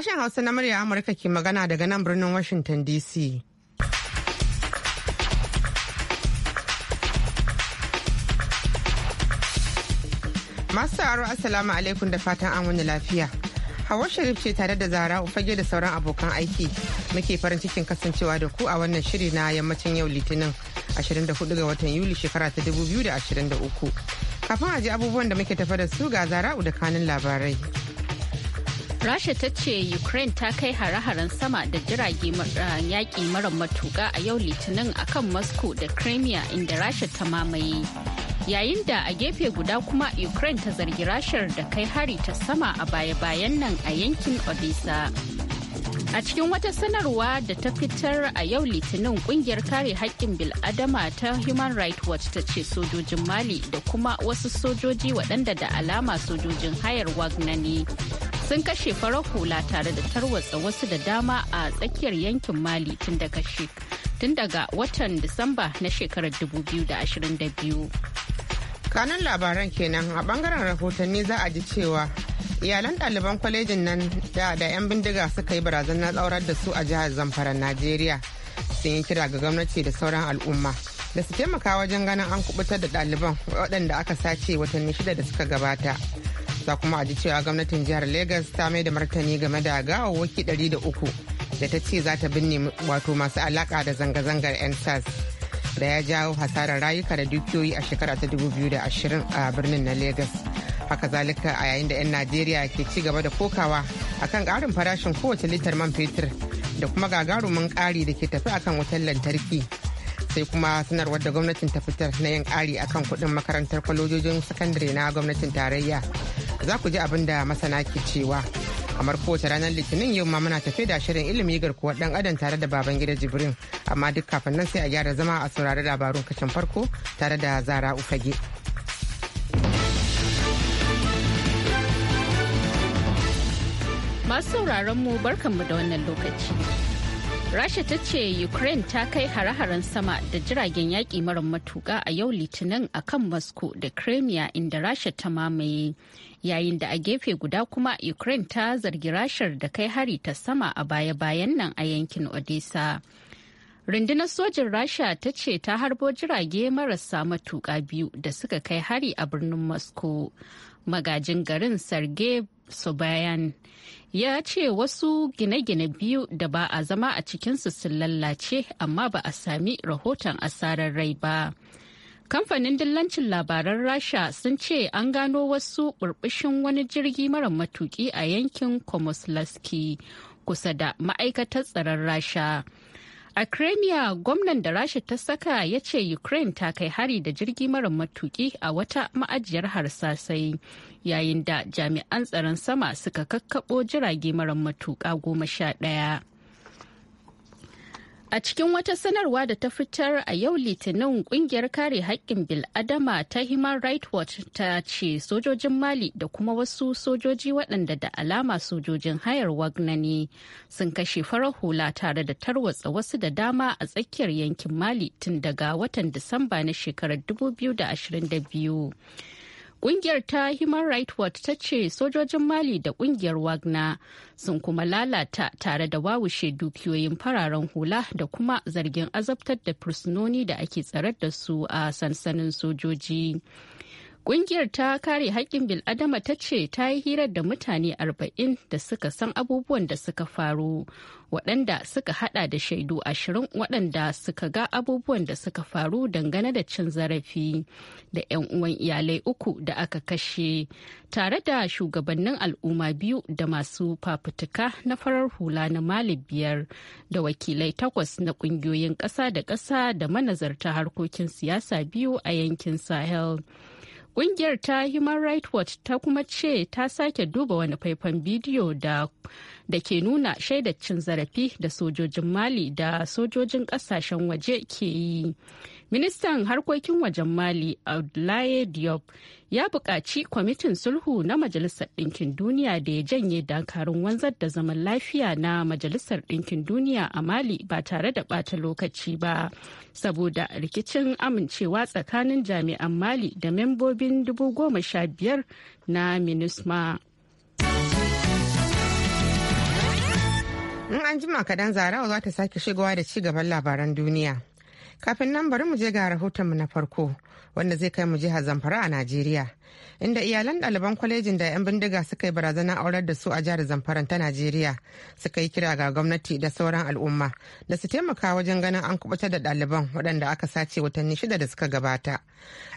Sashen Hausa na murya Amurka ke magana daga nan birnin Washington DC. Masu sauraro Assalamu alaikum da fatan an wani lafiya. Hawa Sharif ce tare da Zara Ufage da sauran abokan aiki muke farin cikin kasancewa da ku a wannan shiri na yammacin yau Litinin 24 ga watan Yuli shekara ta 2023. Kafin a ji abubuwan da muke tafa da su ga Zara'u da kanin labarai. Rasha ta ce Ukraine ta kai hare-haren sama da jirage ah, yaƙi mara matuƙa a yau litinin akan Moscow da Crimea inda Rasha ta mamaye. Yayin da a gefe guda kuma Ukraine ta zargi Rashar da kai hari ta sama a baya-bayan nan a yankin Odessa. A cikin wata sanarwa da ta fitar a yau litinin kungiyar kare haƙƙin bil'adama ta Human Rights Watch ta ce sojojin Mali da kuma wasu sojoji waɗanda da alama sojojin hayar Wagner ne. sun kashe farar hula tare da tarwatsa wasu da dama a tsakiyar yankin mali tun daga tun daga watan disamba na shekarar 2022 kanun labaran kenan a bangaren rahotanni za a ji cewa iyalan ɗaliban kwalejin nan da da 'yan bindiga suka yi barazanar tsaurar da su a jihar zamfara najeriya sun yi kira ga gwamnati da sauran al'umma da su taimaka wajen ganin an kubutar da ɗaliban waɗanda aka sace watanni shida da suka gabata za kuma a ji cewa gwamnatin jihar Legas ta mai da martani game da gawawwaki 300 da ta ce za ta binne wato masu alaka da zanga-zangar 'yan da ya jawo hasarar rayuka da dukiyoyi a shekara ta 2020 a birnin na Legas. Haka zalika a yayin da 'yan Najeriya ke ci gaba da kokawa akan ƙarin farashin kowace litar man fetur da kuma gagarumin ƙari da ke tafi akan wutar lantarki. sai kuma sanarwar da gwamnatin ta fitar na yin ƙari akan kuɗin makarantar kwalojojin sakandare na gwamnatin tarayya za ku ji abin da masana ke cewa kamar kowace ranar litinin yau ma muna tafe da shirin ilimi garkuwar dan adam tare da baban gida jibrin amma duk kafin nan sai a gyara zama a saurari labarun kashin farko tare da zara ufage masu sauraron mu barkan mu da wannan lokaci Rasha ta ce Ukraine ta kai hare-haren sama da jiragen yaƙi mara matuƙa a yau Litinin a kan Moscow da Crimea inda Rasha ta mamaye. Yayin da a gefe guda kuma Ukraine ta zargi Rashar da kai hari ta sama a baya-bayan nan a yankin Odessa. Rundunar sojin Rasha ta ce ta harbo jirage marasa matuƙa biyu da suka kai hari a birnin Moscow. Magajin garin Sergei bayan ya ce wasu gine-gine biyu da ba a zama a cikinsu sun lallace amma ba a sami rahoton asarar rai ba. Kamfanin dillancin labaran Rasha sun ce an gano wasu burbushin wani jirgi mara matuki a yankin Komoslaski kusa da ma'aikatar tsaron Rasha. A Crimea, gwamnan da Rasha ta saka ya ce Ukraine ta kai hari da jirgi mara matuki a wata ma'ajiyar harsasai, yayin da jami'an tsaron sama suka kakkaɓo jirage mara matuka goma sha ɗaya. A cikin wata sanarwa da ta fitar a yau Litinin kungiyar kare haƙƙin bil'adama ta Human Rights Watch ta ce sojojin Mali da kuma wasu sojoji waɗanda da alama sojojin hayar Wagner ne sun kashe farar hula tare da tarwatsa wasu da dama a tsakiyar yankin Mali tun daga watan Disamba na shekarar 2022. Ƙungiyar ta Human Rights Watch ta ce sojojin Mali da ƙungiyar Wagner sun kuma lalata tare da wawushe dukiyoyin fararen hula da kuma zargin azabtar da fursunoni da ake tsarar da su a sansanin sojoji. Ƙungiyar ta kare haƙƙin bil'adama ta ce ta yi hirar da mutane arba'in da suka san abubuwan da suka faru, waɗanda suka hada da shaidu ashirin waɗanda suka ga abubuwan da suka faru dangane da cin zarafi da 'yan uwan iyalai uku da aka kashe, tare da shugabannin al'umma biyu da masu fafutuka na farar hula na Mali biyar da wakilai takwas na ƙungiyoyin ƙasa da ƙasa da manazarta harkokin siyasa biyu a yankin Sahel. Ƙungiyar ta Human Rights Watch ta kuma ce ta sake duba wani faifan bidiyo da da ke nuna shaidar zarafi da sojojin mali da sojojin kasashen waje ke yi ministan harkokin wajen mali abdullahi diop ya bukaci kwamitin sulhu na majalisar ɗinkin duniya da ya janye dakarun wanzar da zaman lafiya na majalisar ɗinkin duniya a mali ba tare da bata lokaci ba saboda rikicin amincewa tsakanin jami'an mali da membobin 15,000 na minisma. In an jima kaɗan zarawa za ta sake shigowa da ci gaban labaran duniya. Kafin nan bari mu je ga rahotonmu na farko wanda zai kai mu jihar Zamfara a Najeriya inda iyalan ɗaliban kwalejin da 'yan bindiga suka yi barazana aurar da su a jihar zamfara ta najeriya suka yi kira ga gwamnati da sauran al'umma da su taimaka wajen ganin an kubutar da ɗaliban waɗanda aka sace watanni shida da suka gabata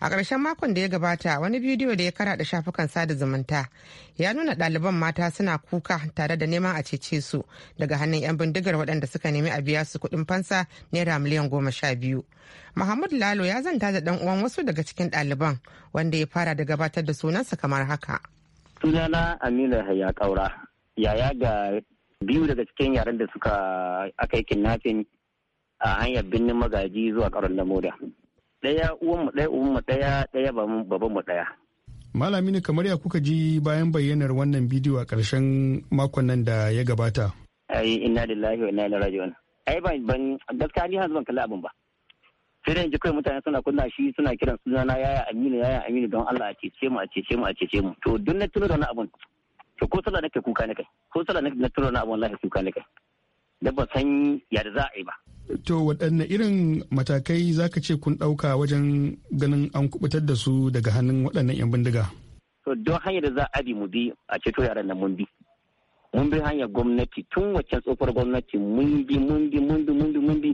a ƙarshen makon da ya gabata wani bidiyo da ya karaɗa shafukan sada zumunta ya nuna ɗaliban mata suna kuka tare da neman a cece su daga hannun 'yan bindigar waɗanda suka nemi a biya su kuɗin fansa naira miliyan goma sha biyu mahmud lalo ya zanta da ɗan uwan wasu daga cikin ɗaliban wanda ya fara daga gabatar da sunansa kamar haka. Sunana Aminu Haya Kaura, yaya ga biyu daga cikin yaren da suka aka yi kinnafin a hanyar birnin magaji zuwa karon lamoda. Ɗaya uwanmu ɗaya uwanmu ɗaya ɗaya babanmu ɗaya. Malami ne kamar ya kuka ji bayan bayyanar wannan bidiyo a ƙarshen makon nan da ya gabata. Ai inna lillahi wa inna ilaihi raji'un. Ai ban ban gaskiya ni ban kalla abin ba. sai da yanzu kai mutane suna kunna shi suna kiran na yaya aminu yaya aminu don Allah a cece mu a cece mu a cece mu to duk na tuno da wani abun to ko sallah nake kuka ne kai ko sallah nake na tuno da abun abun ya kuka ne kai da ba san yadda za a yi ba to waɗanne irin matakai zaka ce kun ɗauka wajen ganin an kubutar da su daga hannun waɗannan 'yan bindiga to don hanyar da za a bi mu bi a ceto yaran nan mun bi mun bi hanyar gwamnati tun waccan tsofar gwamnati mun bi mun bi mun bi mun bi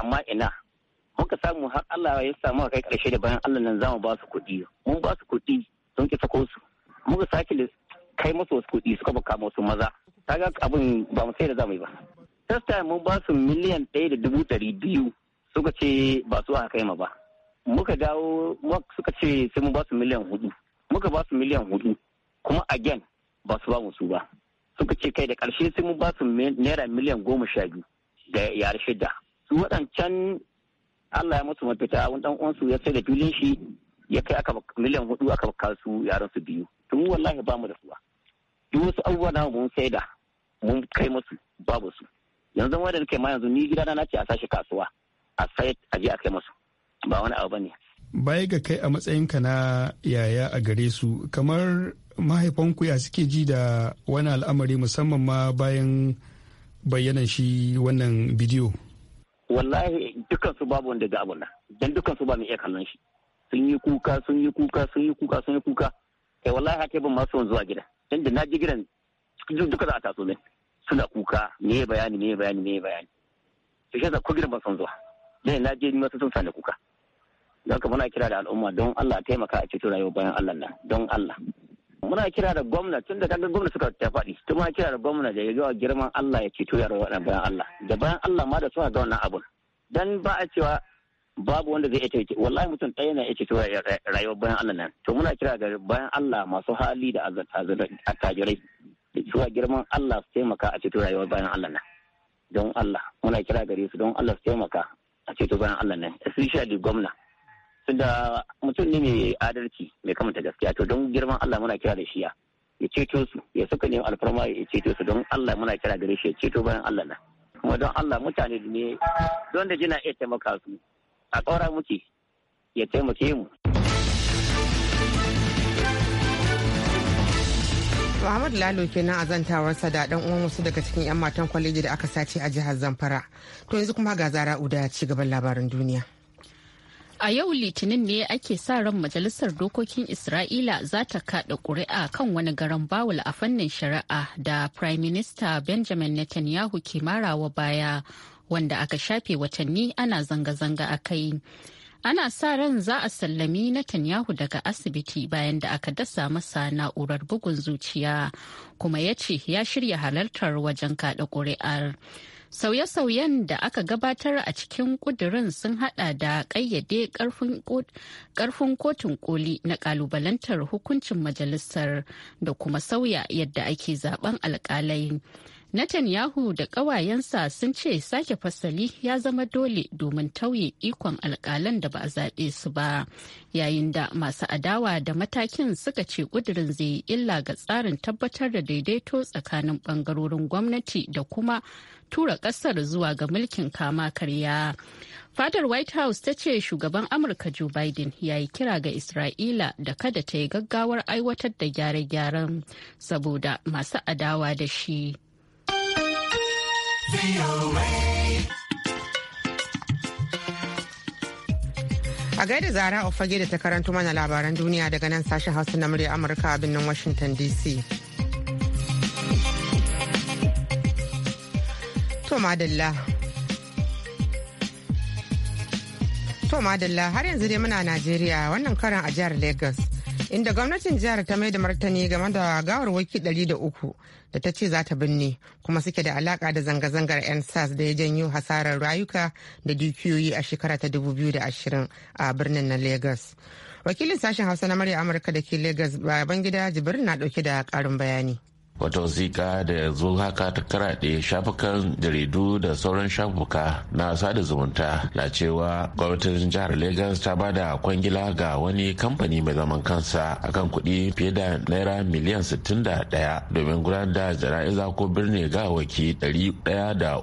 amma ina muka samu har Allah ya samu kai karshe da bayan Allah nan zamu ba su kuɗi mun ba su kuɗi sun ki sako su muka sake kai musu wasu kuɗi suka baka musu maza kaga abin ba mu sai da zamu yi ba time mun ba su miliyan ɗaya da dubu ɗari biyu suka ce ba su aka kai ma ba muka dawo suka ce sai mun ba su miliyan hudu muka ba su miliyan hudu kuma again ba su ba mu su ba suka ce kai da karshe sai mun ba su naira miliyan goma sha biyu da yare shida su waɗancan Allah ya musu mafita wani dan uwansu ya sai da filin shi ya kai aka miliyan hudu aka baka su yaran su biyu mu wallahi ba mu da suwa duk wasu abubuwa na mun sai da mun kai musu babu su yanzu wanda nake ma yanzu ni gidana na ce a sashi kasuwa a sai a je a kai musu ba wani abu bane baya ga kai a matsayinka na yaya a gare su kamar mahaifanku ya suke ji da wani al'amari musamman ma bayan bayyanan shi wannan bidiyo wallahi dukkan su babu wanda ga abun nan dan dukkan su ba mu iya kallon shi sun yi kuka sun yi kuka sun yi kuka sun yi kuka kai wallahi haka ban ma son zuwa gida dan da na ji gidan duka za a taso min suna kuka me ya bayani me ya bayani me ya bayani to shi ko gidan ban son zuwa dan na je ni sun sani kuka dan ka muna kira da al'umma don Allah taimaka a ceto rayuwar bayan Allah nan don Allah muna kira da gwamna tun da kan gwamna suka ta faɗi tun muna kira da gwamna da ya ga girman Allah ya ceto ya bayan Allah da bayan Allah ma da suna ga wannan abun dan ba a cewa babu wanda zai ita ce wallahi mutum ɗaya na ita ceto rayuwar bayan Allah nan to muna kira ga bayan Allah masu hali da attajirai zuwa girman Allah su taimaka a ceto rayuwar bayan Allah nan don Allah muna kira gare su don Allah su taimaka a ceto bayan Allah nan especially gwamna tunda mutum ne mai adalci mai kamata gaskiya to don girman Allah muna kira da shiya ya ceto su ya suka ne alfarma ya ceto su don Allah muna kira gare shi ya ceto bayan Allah nan kuma don Allah mutane ne don da jina iya taimaka su a ƙaura muke ya taimake mu. Ahmad Lalo kenan a zantawarsa da dan uwan wasu daga cikin 'yan matan kwaleji da aka sace a jihar Zamfara. To yanzu kuma ga zara uda ci gaban labarin duniya. A yau Litinin ne ake sa ran Majalisar Dokokin Isra'ila za ta kaɗa ƙuri'a kan wani garan bawul a fannin shari'a da Prime Minister Benjamin Netanyahu ke marawa baya wanda aka shafe watanni ana zanga-zanga a kai. Ana sa ran za a sallami Netanyahu daga asibiti bayan da aka dasa masa na'urar bugun zuciya kuma ya ce ya shirya halartar wajen kaɗa ƙuri'ar. Sauye-sauyen da aka gabatar a cikin kudurin sun hada da ƙayyade ƙarfin kotun koli na ƙalubalantar hukuncin majalisar da kuma sauya yadda ake zaben alƙalai. Netanyahu da ƙawayensa sun ce sake fasali ya zama dole domin tauye ikon alƙalan da ba a zaɓe su ba, yayin da masu adawa da matakin suka ce ƙudurin zai yi illa ga tsarin tabbatar da daidaito tsakanin ɓangarorin gwamnati da kuma tura ƙasar zuwa ga mulkin kama karya. Fadar White House ta ce shugaban Amurka Joe Biden ya yi kira ga Isra'ila da kada ta yi gaggawar aiwatar da gyare-gyaren saboda masu adawa da shi. A gaida zara fage da ta karanto mana labaran duniya daga nan sashen hausa na murya Amurka a birnin Washington DC. To madalla. har yanzu dai muna Najeriya wannan karan a jihar Lagos. inda gwamnatin jihar ta mai da martani game da gawarwaki 300 da ta ce za ta binne kuma suke da alaka da zanga-zangar 'yan sas da ya janyo hasarar rayuka da dukiyoyi a shekara ta 2020 a birnin na lagos wakilin sashen hausa na murya amurka da ke lagos gida jibirin na dauke da karin bayani wata wasiƙa da yanzu haka ta karaɗe shafukan jaridu da sauran shafuka na sada zumunta na cewa gwamnatin jihar lagos ta ba da kwangila ga wani kamfani mai zaman kansa akan kuɗi fiye da naira miliyan 61 domin gudanar da jana'iza ko birni birne waki 103 da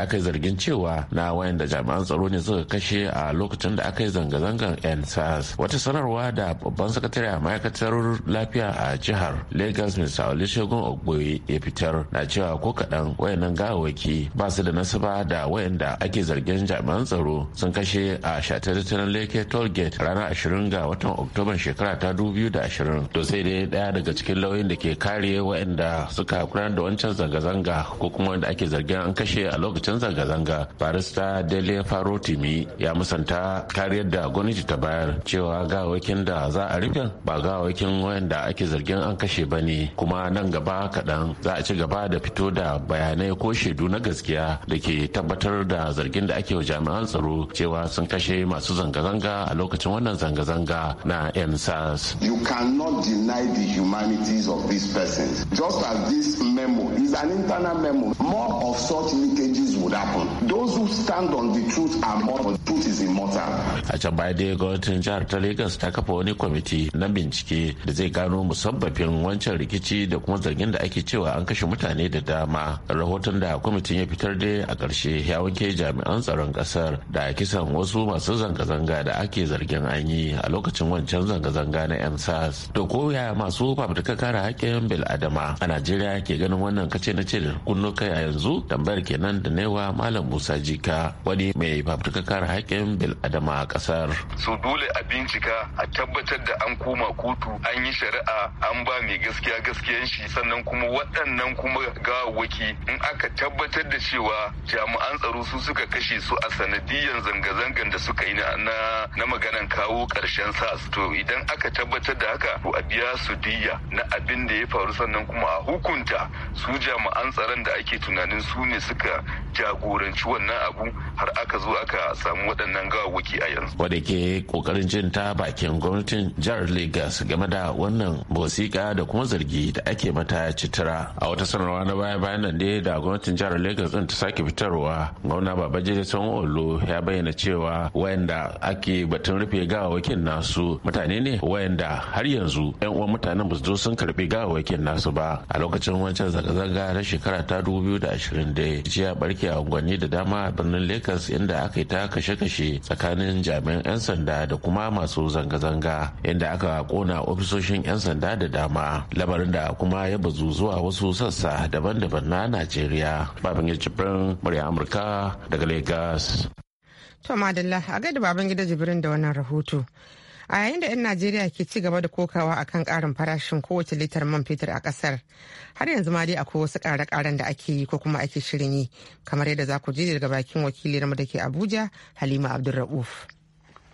aka yi zargin cewa na da jami'an tsaro ne suka kashe a lokacin da aka yi zanga-zangan nsas wata sanarwa da babban sakatare a ma'aikatar lafiya a jihar lagos mr olusegun olusegun ogboye ya fitar na cewa ko kaɗan wayannan gawawaki ba su da nasaba da wayanda ake zargin jami'an tsaro sun kashe a shatattunan leke tollgate ranar ashirin ga watan oktoban shekara ta 2020 to sai dai daya daga cikin lauyin da ke kare wayanda suka gudanar da wancan zanga-zanga ko kuma wanda ake zargin an kashe a lokacin zanga-zanga barista dele farotimi ya musanta kariyar da gwamnati ta bayar cewa gawakin da za a rufe ba gawakin wayanda ake zargin an kashe ba ne kuma nan gaba kaɗan za a ci gaba da fito da bayanai ko shaidu na gaskiya da ke tabbatar da zargin da ake wa jami'an tsaro cewa sun kashe masu zanga-zanga a lokacin wannan zanga-zanga na ensas you cannot deny the humanities of these persons just as this memo is an internal memo more of such leakages would happen those who stand on the truth are more truth is immortal. A can baya dai gwamnatin jihar ta Lagos ta kafa wani kwamiti na bincike da zai gano musabbabin wancan rikici da kuma zargin da ake cewa an kashe mutane da dama. Rahoton da kwamitin ya fitar dai a ƙarshe ya wanke jami'an tsaron ƙasar da a kisan wasu masu zanga-zanga da ake zargin an yi a lokacin wancan zanga-zanga na MSAS. To koya masu fafutukar kare haƙƙin bil'adama a Najeriya ke ganin wannan kace na ce da kai a yanzu tambayar kenan da newa Malam Musa Jika wani mai fafutukar kare haƙƙin bil'adama a ƙasar. su dole a bincika a tabbatar da an koma kotu an yi shari'a an ba mai gaskiya gaskiyan shi sannan kuma waɗannan kuma gawawwaki in aka tabbatar da cewa jami'an tsaro su suka kashe su a sanadiyan zanga-zangan da suka yi na na maganan kawo ƙarshen sas to idan aka tabbatar da haka to a biya su diya na abin da ya faru sannan kuma a hukunta su jami'an tsaron da ake tunanin su ne suka jagoranci wannan abu har aka zo aka samu waɗannan gawawwaki a yanzu. Wadda ke ƙoƙarin jin ta bakin gwamnatin jihar Legas game da wannan wasiƙa da kuma zargi da ake mata citira. A wata sanarwa na baya bayan nan ne da gwamnatin jihar Legas ɗin ta sake fitarwa. Gwamna Babajide Sanwo-Olu ya bayyana cewa wayanda ake batun rufe gawawwakin nasu mutane ne wayanda har yanzu 'yan uwan mutanen ba su zo sun karɓi gawawwakin nasu ba. A lokacin wancan zanga-zanga na shekara ta 2020 da ya barke a unguwanni da dama a birnin Legas inda aka yi ta kashe kashe tsakanin jami'an 'yan sanda da kuma masu zanga-zanga inda aka kona ofisoshin 'yan sanda da dama labarin da kuma ya bazu zuwa wasu sassa daban-daban na najeriya babin jibrin murya amurka daga lagos to madalla a gaida babangida jibrin da wannan rahoto a yayin da 'yan najeriya ke ci gaba da kokawa akan karin farashin kowace litar man fetur a kasar har yanzu ma dai akwai wasu kare-karen da ake yi ko kuma ake shirin yi kamar yadda za ku ji daga bakin wakilinmu da ke abuja halima abdulra'uf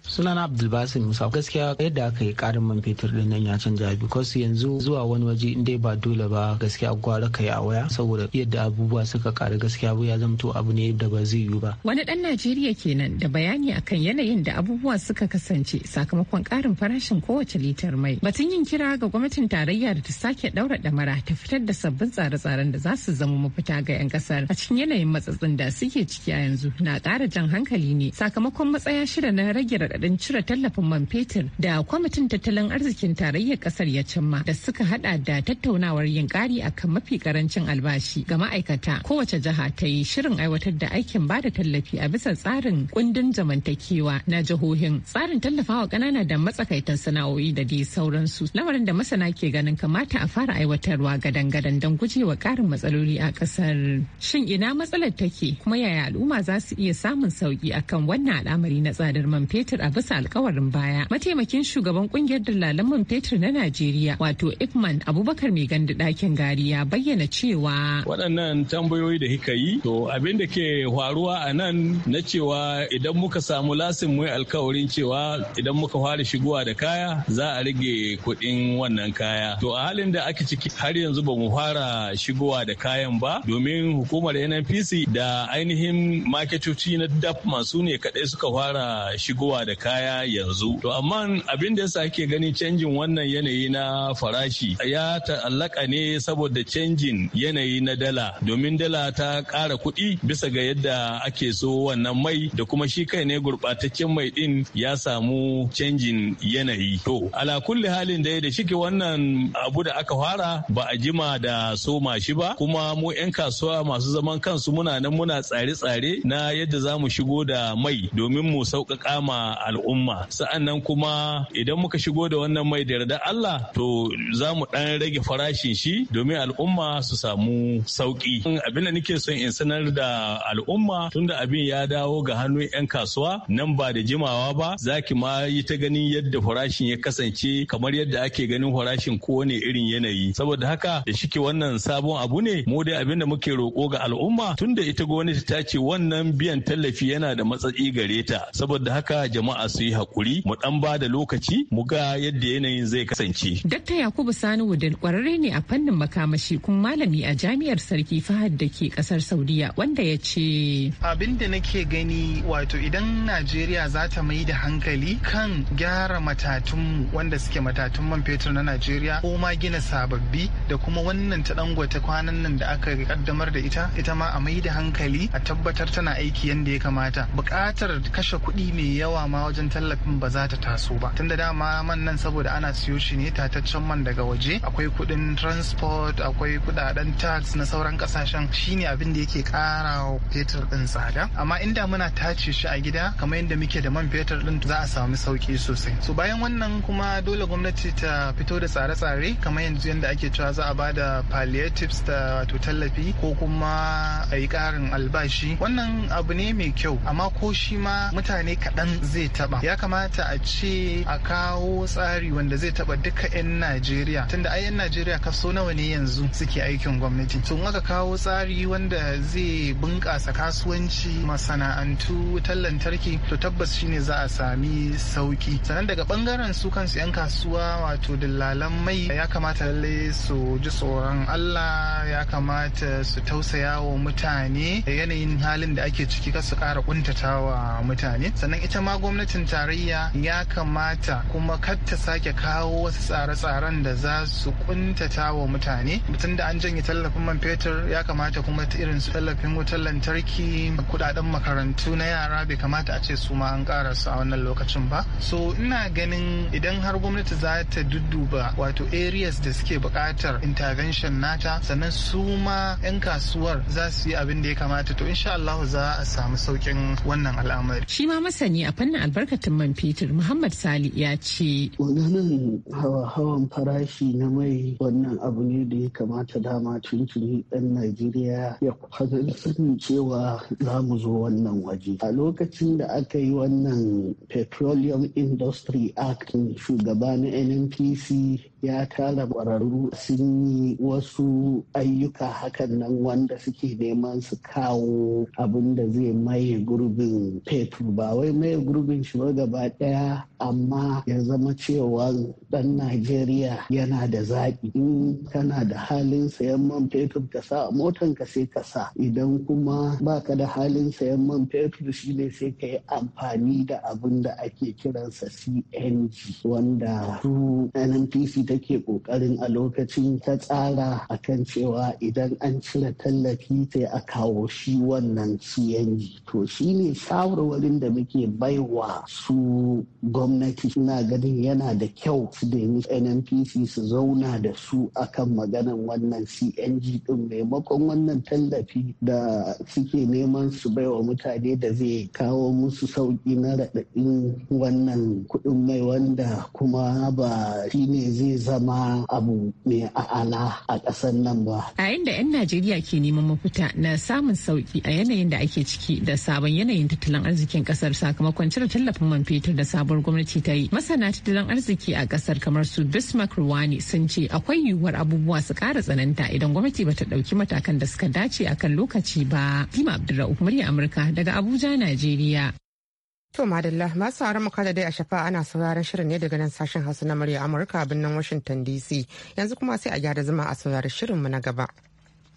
sunana abdulbasim musa gaskiya yadda aka yi karin man fetur din nan ya canja because yanzu zuwa wani waje in dai ba dole ba gaskiya gwara ka yi a waya saboda yadda abubuwa suka karu gaskiya ya zamto abu ne da ba zai yiwu ba wani dan najeriya kenan da bayani akan yanayin da abubuwa suka kasance sakamakon karin farashin kowace litar mai batun yin kira ga gwamnatin tarayya da ta sake daura damara ta fitar da sabbin tsare-tsaren da za su zama mafita ga 'yan kasar a cikin yanayin matsatsin da suke ciki a yanzu na kara jan hankali ne sakamakon matsaya shida na rage kudin cire tallafin man fetur da kwamitin tattalin arzikin tarayyar kasar ya cimma da suka hada da tattaunawar yin kari akan mafi karancin albashi ga ma'aikata kowace jiha ta yi shirin aiwatar da aikin ba da tallafi a bisa tsarin kundin zamantakewa na jihohin tsarin tallafawa ƙanana da matsakaitan sana'o'i da dai sauransu lamarin da masana ke ganin kamata a fara aiwatarwa gadan-gadan don gujewa ƙarin matsaloli a ƙasar shin ina matsalar take kuma yaya al'umma za su iya samun sauki akan wannan al'amari na tsadar man fetur a bisa alkawarin baya mataimakin shugaban kungiyar Dallalan man fetur na najeriya wato ifman abubakar mai gandu dakin gari ya bayyana cewa waɗannan tambayoyi da kika yi to abin da ke faruwa a nan na cewa idan muka samu lasin mu alkawarin cewa idan muka fara shigowa da kaya za a rage kuɗin wannan kaya to a halin da ake ciki har yanzu ba mu fara shigowa da kayan ba domin hukumar nnpc da ainihin maketoci na dap masu ne kaɗai suka fara shigowa da da kaya yanzu to amma abin da yasa ake gani canjin wannan yanayi na farashi ya ta'allaka ne saboda canjin yanayi na dala domin dala ta ƙara kuɗi bisa ga yadda ake so wannan mai da kuma shi kai ne gurɓataccen mai ɗin ya samu canjin yanayi to ala kulli halin da ya da shike wannan abu da aka fara ba a jima da soma shi ba kuma mu 'yan kasuwa masu zaman kansu muna nan muna tsare-tsare na yadda za mu shigo da mai domin mu sauƙaƙa ma al'umma sa'annan kuma idan muka shigo da wannan mai da yarda Allah to za mu ɗan rage farashin shi domin al'umma su samu sauki abin da nake son in sanar da al'umma tunda abin ya dawo ga hannun 'yan kasuwa nan ba da jimawa ba za ki ma yi ta ganin yadda farashin ya kasance kamar yadda ake ganin farashin kowane irin yanayi saboda haka da shike wannan sabon abu ne mu dai abin da muke roko ga al'umma tunda ita gwamnati ta ce wannan biyan tallafi yana da matsatsi gare ta saboda haka jama'a jama'a su yi hakuri mu dan ba da lokaci mu ga yadda yanayin zai kasance. Dakta Yakubu Sani Wudil kwararre ne a fannin makamashi kuma malami a jami'ar Sarki Fahad da ke kasar Saudiya wanda ya ce. Abin da nake gani wato idan Najeriya za ta mai da hankali kan gyara matatun wanda suke matatun man fetur na Najeriya ko ma gina sababbi da kuma wannan ta dangote kwanan nan da aka kaddamar da ita ita ma a mai da hankali a tabbatar tana aiki yadda ya kamata. Bukatar kashe kuɗi mai yawa ma ma wajen tallafin ba za ta taso ba tunda dama man nan saboda ana siyo shi ne tataccen man daga waje akwai kuɗin transport akwai kuɗaɗen tax na sauran ƙasashen shine abin da yake ƙara wa fetur ɗin tsada amma inda muna tace shi a gida kamar yadda muke da man fetur ɗin za a samu sauƙi sosai so bayan wannan kuma dole gwamnati ta fito da tsare-tsare kamar yanzu yadda ake cewa za a ba da palliatives da wato tallafi ko kuma a yi ƙarin albashi wannan abu ne mai kyau amma ko shi ma mutane kaɗan zai taba ya kamata a ce a kawo tsari wanda zai taba duka 'yan najeriya tunda ai 'yan najeriya kaso nawa ne yanzu suke aikin gwamnati to in aka kawo tsari wanda zai bunƙasa kasuwanci masana'antu wutar lantarki to tabbas shine za a sami sauki sannan daga bangaren su kansu 'yan kasuwa wato dillalan mai ya kamata lalle su ji tsoron allah ya kamata su tausaya wa mutane yanayin halin da ake ciki kasu ƙara ƙuntatawa mutane sannan ita ma gwamnati gwamnatin tarayya ya kamata kuma kar ta sake kawo wasu tsare-tsaren da za su kuntata wa mutane mutum da an janye tallafin man fetur ya kamata kuma irin su tallafin wutar lantarki kudaden makarantu na yara bai kamata a ce su ma an kara su a wannan lokacin ba so ina ganin idan har gwamnati za ta dudduba wato areas da suke buƙatar intervention nata sannan su ma 'yan kasuwar za su yi abin da ya kamata to insha Allah za a samu saukin wannan al'amari shi ma masani a fannin albarkatun man fetur Muhammad Sali ya ce. Wannan hawa-hawan farashi na mai wannan abu ne da ya kamata dama tuntuni ɗan Najeriya ya kwanan sanin cewa za mu zo wannan waje. A lokacin da aka yi wannan Petroleum Industry Act shugaba na NNPC ya tara ƙwararru sun yi wasu ayyuka hakan nan wanda suke neman su kawo abin da zai maye gurbin fetur ba wai maye gurbin bin shi gaba daya amma ya zama cewa ɗan Najeriya yana da zaɓi in kana da halin sayan man fetur ka sa a motan ka sai ka sa idan kuma baka da halin sayan man fetur shine sai ka yi amfani da abin da ake kiransa CNG wanda su NNPC take kokarin a lokacin ta tsara a kan cewa idan an cire tallafi sai a kawo shi wannan CNG to shine shawarwarin da muke baiwa Wasu su gwamnati suna ganin yana da kyau su nemi nnpc su zauna da su akan maganan wannan cng din maimakon wannan tallafi da suke neman su baiwa mutane da zai kawo musu sauki na raɗaɗin wannan kuɗin mai wanda kuma ba shi ne zai zama abu mai a'ala a ƙasar nan ba. A inda 'yan Najeriya ke neman mafita na samun sauki a yanayin da ake ciki da sabon yanayin tattalin arzikin ƙasar sakamakon cire tallafin man fetur da sabuwar gwamnati ta yi masana tattalin arziki a kasar kamar su bismarck ruwani sun ce akwai yiwuwar abubuwa su kara tsananta idan gwamnati bata dauki matakan da suka dace akan lokaci ba dima abdulrahman murya amurka daga abuja najeriya To madalla masu haramu kada dai a shafa ana sauraron shirin ne daga nan sashen hausa na murya amurka birnin washington dc yanzu kuma sai a gyara zama a sauraron mu na gaba.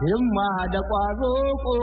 himma da ƙwazo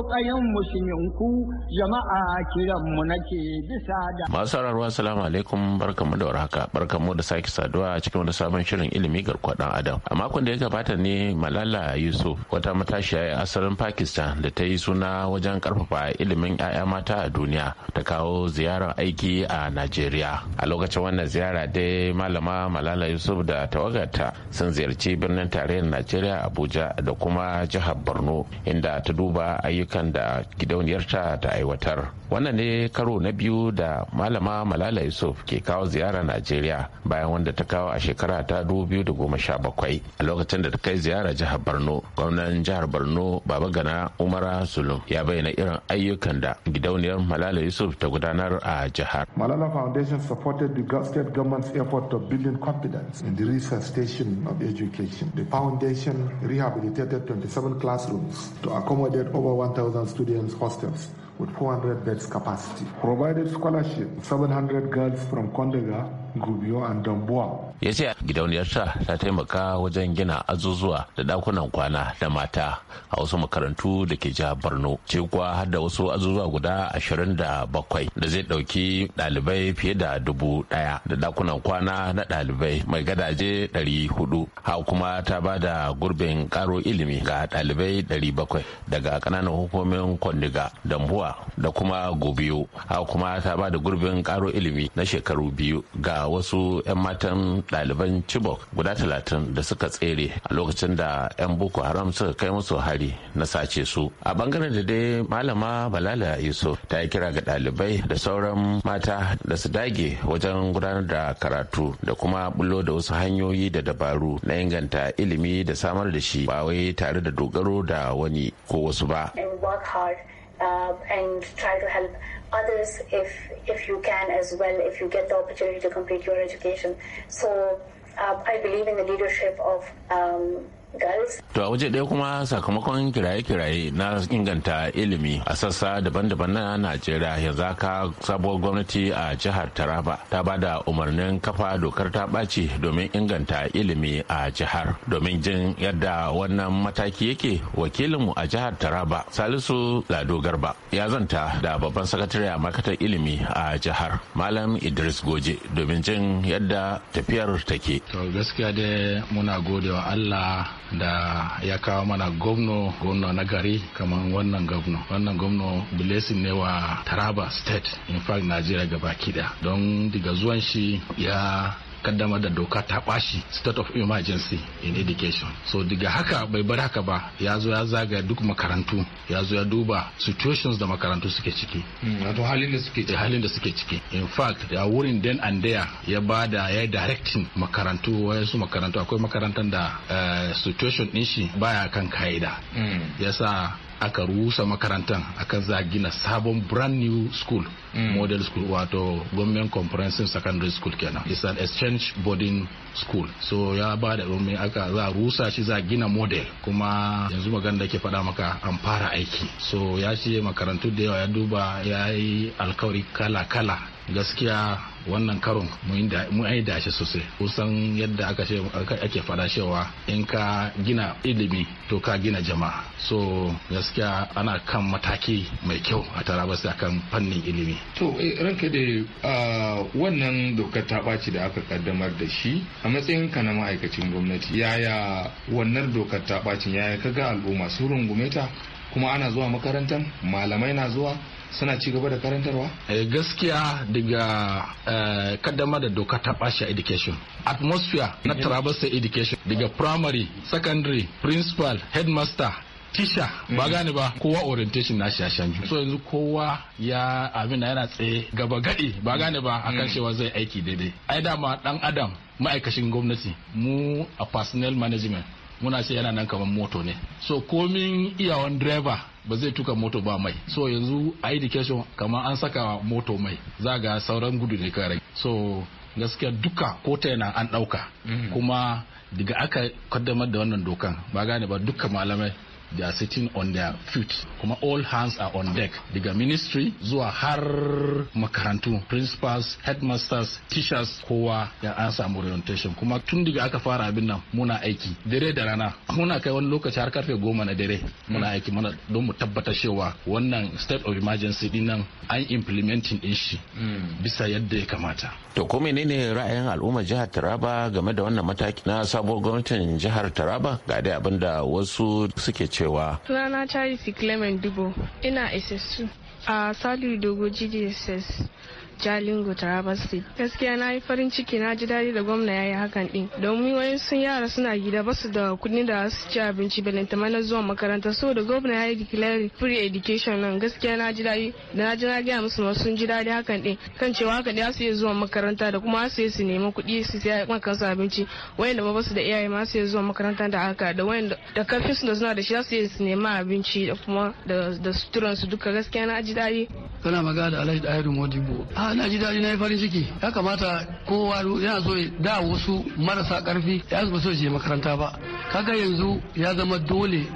ƙayan musulminku jama'a kiranmu nake bisa da. Masu rarwa salamu alaikum barkamu da warhaka barkamu da sake saduwa a cikin wani sabon shirin ilimi garkuwa ɗan adam. A makon da ya gabata ne Malala Yusuf wata matashiya a asalin Pakistan da ta yi suna wajen ƙarfafa ilimin 'ya'ya mata a duniya ta kawo ziyarar aiki a Najeriya. A lokacin wannan ziyara dai malama Malala Yusuf da tawagarta sun ziyarci birnin tarayyar Najeriya Abuja da kuma jihar borno inda ta duba ayyukan da gidauniyarta ta aiwatar wannan ne karo na biyu da malama malala yusuf ke kawo ziyara najeriya bayan wanda ta kawo a shekara ta sha bakwai a lokacin da ta kai ziyara jihar borno gwamnan jihar borno baba gana umara sulum ya bayyana irin ayyukan da gidauniyar malala yusuf ta gudanar a jihar malala foundation supported the state government's effort of building confidence in the resuscitation of education the foundation rehabilitated 27 classes classrooms to accommodate over 1,000 students' hostels with 400 beds capacity. Provided scholarship 700 girls from Kondega gubiyo and dambuwa ya ce gidauniyarsa ta taimaka wajen gina azuzuwa da dakunan kwana da mata a wasu makarantu da ke jihar borno ce kuwa har da wasu azuzuwa guda ashirin da bakwai da zai ɗauki ɗalibai fiye da dubu ɗaya da dakunan kwana na ɗalibai mai gadaje dari hudu ha kuma ta ba da gurbin ƙaro ilimi ga ɗalibai dari bakwai daga ƙananan hukumomin kwandiga dambuwa da kuma gobiyo ha kuma ta ba da gurbin ƙaro ilimi na shekaru biyu ga wasu 'yan matan ɗaliban Chibok guda talatin da suka tsere a lokacin da 'yan Boko Haram suka kai musu hari na sace su. A bangaren da dai malama Balala Iso ta yi kira ga ɗalibai da sauran mata da su dage wajen gudanar da karatu da kuma bullo da wasu hanyoyi da dabaru na inganta ilimi da samar da shi ba wai tare da dogaro da wani ko wasu ba. uh, and try to help others if if you can as well if you get the opportunity to complete your education so uh, I believe in the leadership of um, To a waje ɗaya kuma sakamakon kiraye-kiraye na inganta ilimi a sassa daban-daban na Najeriya yanzu haka sabuwar gwamnati a jihar Taraba ta ba da umarnin kafa dokar ta ɓaci domin inganta ilimi a jihar. Domin jin yadda wannan mataki yake wakilinmu a jihar Taraba Salisu Lado Garba ya zanta da babban sakatare a makatar ilimi a jihar Malam Idris Goje domin jin yadda tafiyar take. To gaskiya dai muna godewa Allah da ya kawo mana gomno. Gomno na gari kamar wannan gomno. wannan gomno. blessing ne wa taraba state in fact najeriya gaba kida don diga zuwan shi ya kaddamar da doka ta ɓashi state of emergency in education so daga haka bai bar haka ba ya zo ya zaga duk makarantu ya zo ya duba situations da makarantu suke ciki hmm, wato halin da suke ciki eh, halin da suke ciki in fact ya wurin then and there ya ba da ya directing makarantu wayansu makarantu akwai makarantar da eh, situation din shi baya kan ka'ida hmm. yasa aka rusa makarantar akan za gina sabon brand new school mm. model school wato government comprehensive secondary school kenan it's an exchange boarding school so ya ba da domin aka za rusa shi za gina model kuma yanzu magana da ke faɗa maka an fara aiki so ya ce makarantu da yawa ya duba ya yi alkawari kala-kala gaskiya wannan karon mun yi dashe sosai kusan yadda aka ce ake fada cewa in ka gina ilimi to ka gina jama'a so gaskiya ana kan mataki mai kyau a taraba sai kan fannin ilimi to eh, ranka da ah, wannan dokar ta ɓaci da aka kaddamar da shi a matsayin ka na ma'aikacin gwamnati yaya wannan dokar ta ɓacin yaya ka ga al'umma su rungume kuma ana zuwa makarantar malamai na zuwa suna ci gaba da karantarwa? Eh, gaskiya daga eh, kaddama da doka ta bashi education atmosphere na traversal education daga primary secondary principal headmaster tisha ba gane ba kowa orientation na ya canju so yanzu kowa ya amina yana tsaye gaba gadi ba gane ba akan mm. cewa zai aiki daidai ai dama dan adam ma'aikashin gwamnati mu a personnel management muna sai yana nan kamar moto ne so komin iyawan driver ba zai tuka moto ba mai so yanzu a education kamar an saka moto mai za ga sauran gudu ne kare so gaskiya duka ko ta yana an ɗauka mm. kuma daga aka kaddamar da wannan dokan ba gane ba duka malamai they are sitting on their feet kuma all hands are on deck daga ministry zuwa har makarantu principals headmasters teachers kowa ya an samu orientation kuma tun daga aka fara abin nan muna aiki dare da rana muna kai wani lokaci har karfe goma na dare muna aiki mana don mu tabbatar cewa wannan state of emergency din nan an implementing din shi bisa yadda ya kamata to ko menene ra'ayin al'ummar jihar Taraba game da wannan mataki na sabuwar gwamnatin jihar Taraba ga dai abin da wasu suke cewa cewa sunana charity clement dubo ina isassu a salu dogo gdss jalingo taraba state gaskiya na yi farin ciki na ji daɗi da gwamna ya yi hakan ɗin domin wayan sun yara suna gida ba su da kuɗin da su ci abinci balanta mana zuwa makaranta saboda gwamna ya yi declare free education nan gaskiya na ji daɗi da na ji na gaya musu ma sun ji daɗi hakan ɗin kan cewa haka ɗaya su iya zuwa makaranta da kuma su su nemi kuɗi su siya su abinci wayan da ba su da iyaye ma su iya zuwa makaranta da haka da wayan da kafin su da suna da shi su iya su nemi abinci da kuma da suturansu duka gaskiya na ji daɗi. kana magana da alhaji da modibo ah, gaskiya ji daji na yi farin ciki ya kamata kowa yana so ya da wasu marasa karfi ya ba so je makaranta ba kaga yanzu ya zama dole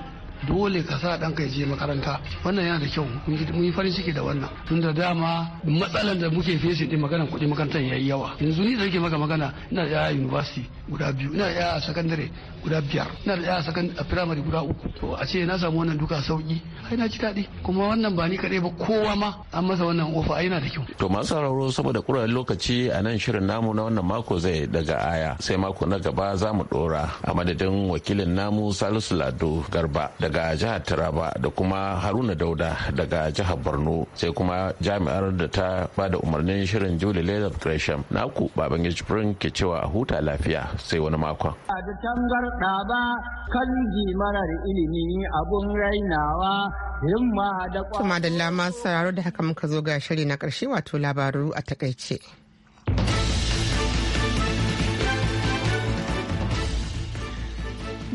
dole ka sa ɗanka ya je makaranta wannan yana da kyau mun yi farin ciki da wannan tun da dama matsalar da muke fesin din magana kuɗi makarantar ya yi yawa yanzu ni da nake maka magana ina da yaya university guda biyu ina da yaya secondary guda biyar ina da yaya a primary guda uku to a ce na samu wannan duka sauki ai na ji daɗi kuma wannan ba ni kaɗai ba kowa ma an masa wannan ofa ai yana da kyau. to masu sauraro saboda kuraren lokaci a nan shirin namu na wannan mako zai daga aya sai mako na gaba za mu ɗora a madadin wakilin namu salisu lado garba daga jihar taraba da kuma haruna dauda daga jihar borno sai kuma jami'ar da ta ba da umarnin shirin julie leather gresham naku baban jibrin ke cewa huta lafiya sai wani makon da tangarɗa ba kan marar ilimi abun rainawa himma da Kuma da lama sauraro da haka muka zo ga shiri na karshe wato labaru a takaice.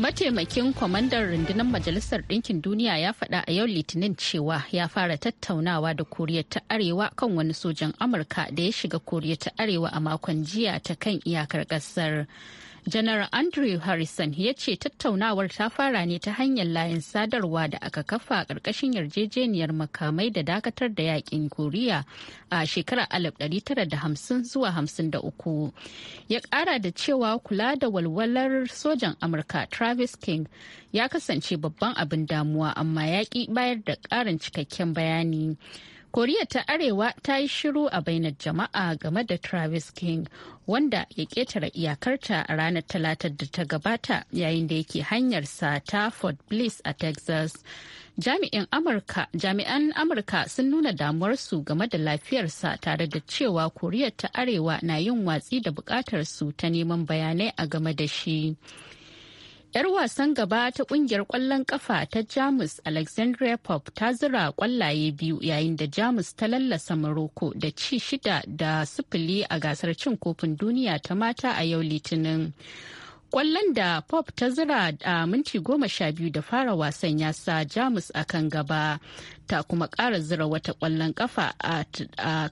Mataimakin kwamandan rundunar Majalisar Ɗinkin Duniya ya faɗa a yau Litinin cewa ya fara tattaunawa da Koriya ta Arewa kan wani sojan Amurka da ya shiga Koriya ta Arewa a makon jiya ta kan iyakar ƙasar. janar andrew harrison ya ce tattaunawar ta fara ne ta hanyar layin sadarwa da aka kafa a ƙarƙashin yarjejeniyar makamai da dakatar da yakin koriya a shekarar 1950 zuwa 53 ya ƙara da cewa kula da walwalar sojan amurka travis king ya kasance babban abin damuwa amma yaƙi bayar da ƙarin cikakken bayani koriya ta arewa ta yi shiru a bainar jama'a game da travis king wanda ya ketare iyakarta a ranar talata da ta gabata yayin da yake hanyarsa ta fort bliss a texas jami'an amurka jami'an amurka sun nuna damuwarsu game da lafiyarsa tare da cewa koriya ta arewa na yin watsi da bukatar su ta neman bayanai a game da shi 'Yar wasan gaba ta kungiyar kwallon kafa ta Jamus Alexandria Pop ta zira kwallaye biyu yayin da Jamus ta lallasa Morocco da ci shida da sifili a gasar cin kofin duniya ta mata a yau Litinin. Kwallon da Pop ta zira a minti goma sha biyu da fara wasan ya sa Jamus a kan gaba ta kuma ƙara zira wata kwallon kafa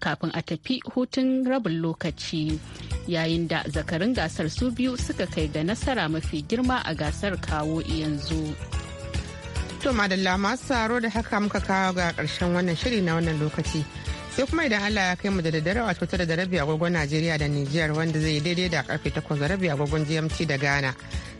kafin a tafi hutun rabin lokaci. yayin da zakarin gasar su biyu suka kai ga nasara mafi girma a gasar kawo yanzu. To madalla masu saro da haka muka kawo ga karshen wannan shiri na wannan lokaci. Sai kuma idan Allah ya kai mu da daddare wato da rabi agogon Najeriya da Nijiyar wanda zai daidai da karfe takwas da rabi agogon GMT da Ghana.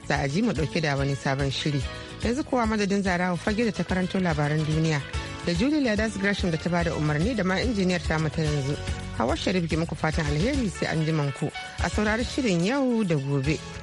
Za a ji mu dauke da wani sabon shiri. Yanzu kuwa madadin zarawa fage da ta karanto labaran duniya. Da Julie Ladas Gresham da ta bada umarni da ma injiniyar ta mata yanzu. Hawar Sharif ke muku fatan alheri sai an ku a saurari shirin yau da gobe.